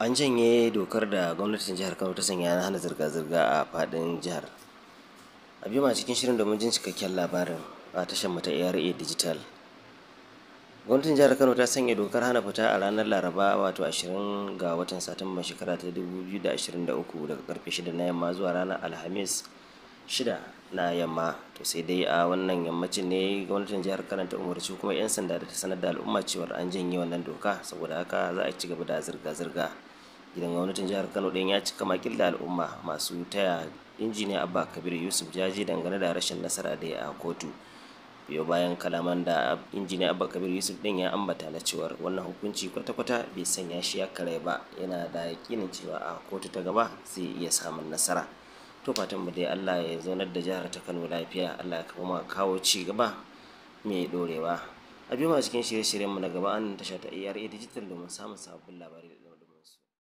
an janye dokar da gwamnatin jihar kano ta sanya na hana zirga-zirga a fadin jihar a biyu ma cikin shirin domin jin cikakken labarin a tashar mata ara digital gwamnatin jihar kano ta sanya dokar hana fita a ranar laraba wato 20 ga watan satumba shekara ta 2023 daga karfe 6 na yamma zuwa ranar alhamis 6 na yamma to sai dai a wannan yammacin ne gwamnatin jihar kano ta umarci kuma 'yan sanda da ta sanar da al'umma cewar an janye wannan doka saboda haka za a ci gaba da zirga-zirga gidan gwamnatin jihar kano ɗin ya cika makil da al'umma masu taya injiniya abba kabir yusuf jaji dangane da rashin nasara da a kotu biyo bayan kalaman da injiniya abba kabir yusuf ɗin ya ambata na cewar wannan hukunci kwata-kwata bai sanya shi ya kare ba yana da yakinin cewa a kotu ta gaba zai iya samun nasara to fatan mu dai allah ya zaunar da jihar ta kano lafiya allah ya kuma kawo ci gaba mai dorewa a biyu cikin shirye-shiryenmu na gaba an tasha ta era digital domin samun sabbin labarai